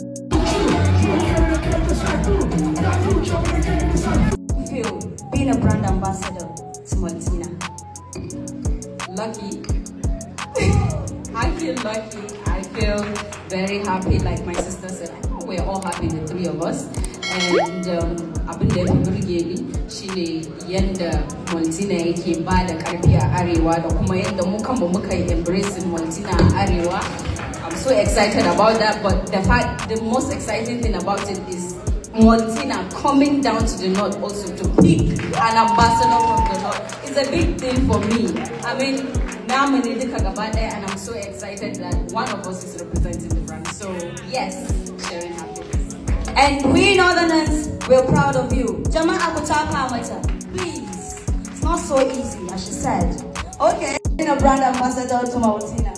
Feel being a brand ambassador to Martina. Lucky. I feel lucky. I feel very happy, like my sister said. I know we're all happy, the three of us. And abin da ya burge ni shine yadda Maltina yake ba da karfi ariwa. Arewa da kuma yadda muka yi embracing Maltina ariwa. I'm so excited about that, but the fact, the most exciting thing about it is Montina coming down to the north also to pick an ambassador from the north. It's a big thing for me. I mean, now I'm in Kagabade and I'm so excited that one of us is representing the brand. So yes, sharing happiness. And we Northerners, we're proud of you. Jama Akutapa Amata, please. It's not so easy, as she said. Okay, a brand ambassador to Montina.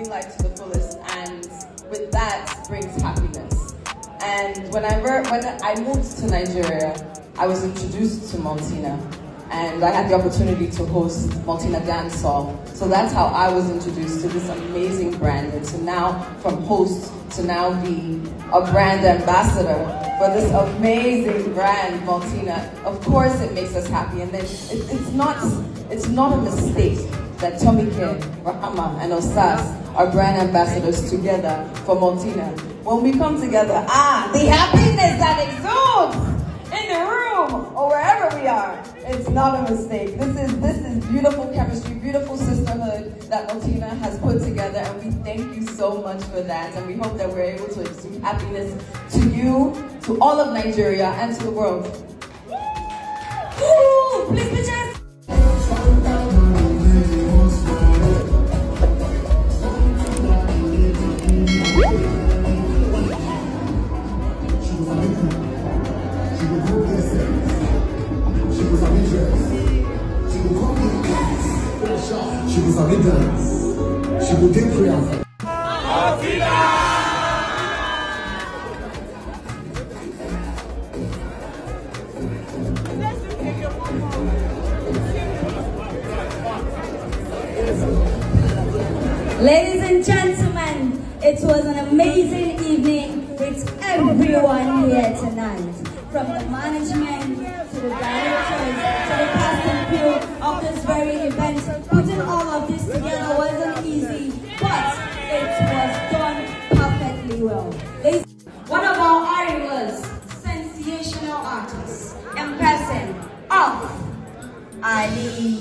living life to the fullest, and with that brings happiness. And when I, when I moved to Nigeria, I was introduced to Montina and I had the opportunity to host Martina Dancehall. So that's how I was introduced to this amazing brand, and to now from host to now be a brand ambassador for this amazing brand, Martina. Of course, it makes us happy, and then it, it's not it's not a mistake that Tomike, Rahama, and Osas are brand ambassadors together for Martina. When we come together, ah, the happiness that exudes in the room or wherever we are. It's not a mistake. This is this is beautiful chemistry, beautiful sisterhood that Latina has put together, and we thank you so much for that. And we hope that we're able to exude happiness to you, to all of Nigeria, and to the world. She will submit She will take prayer. Ladies and gentlemen, it was an amazing evening with everyone here tonight. From the management to the directors of this very event. Putting all of this together wasn't easy, but it was done perfectly well. Ladies One of our Irish sensational artists in person of Ali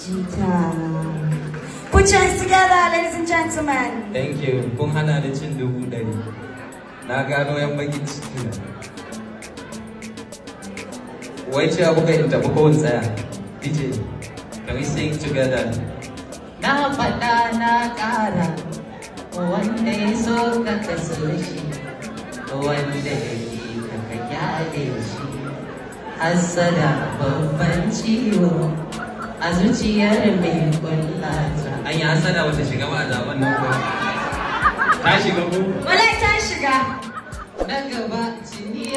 Jita. Put your hands together, ladies and gentlemen. Thank you. Kung hana da cin dubu bagit Na gano yan bagin ciki ko in DJ, can we sing together? Na faɗa na ƙara, wanda ya so ka kaso shi, wanda ya yi ka ka kyale shi. Hassada babban ciwo a zuciyar mai kulla ta. An yi hassada shiga ba a zaben Ta shiga ko? Wala ta shiga. Na gaba jini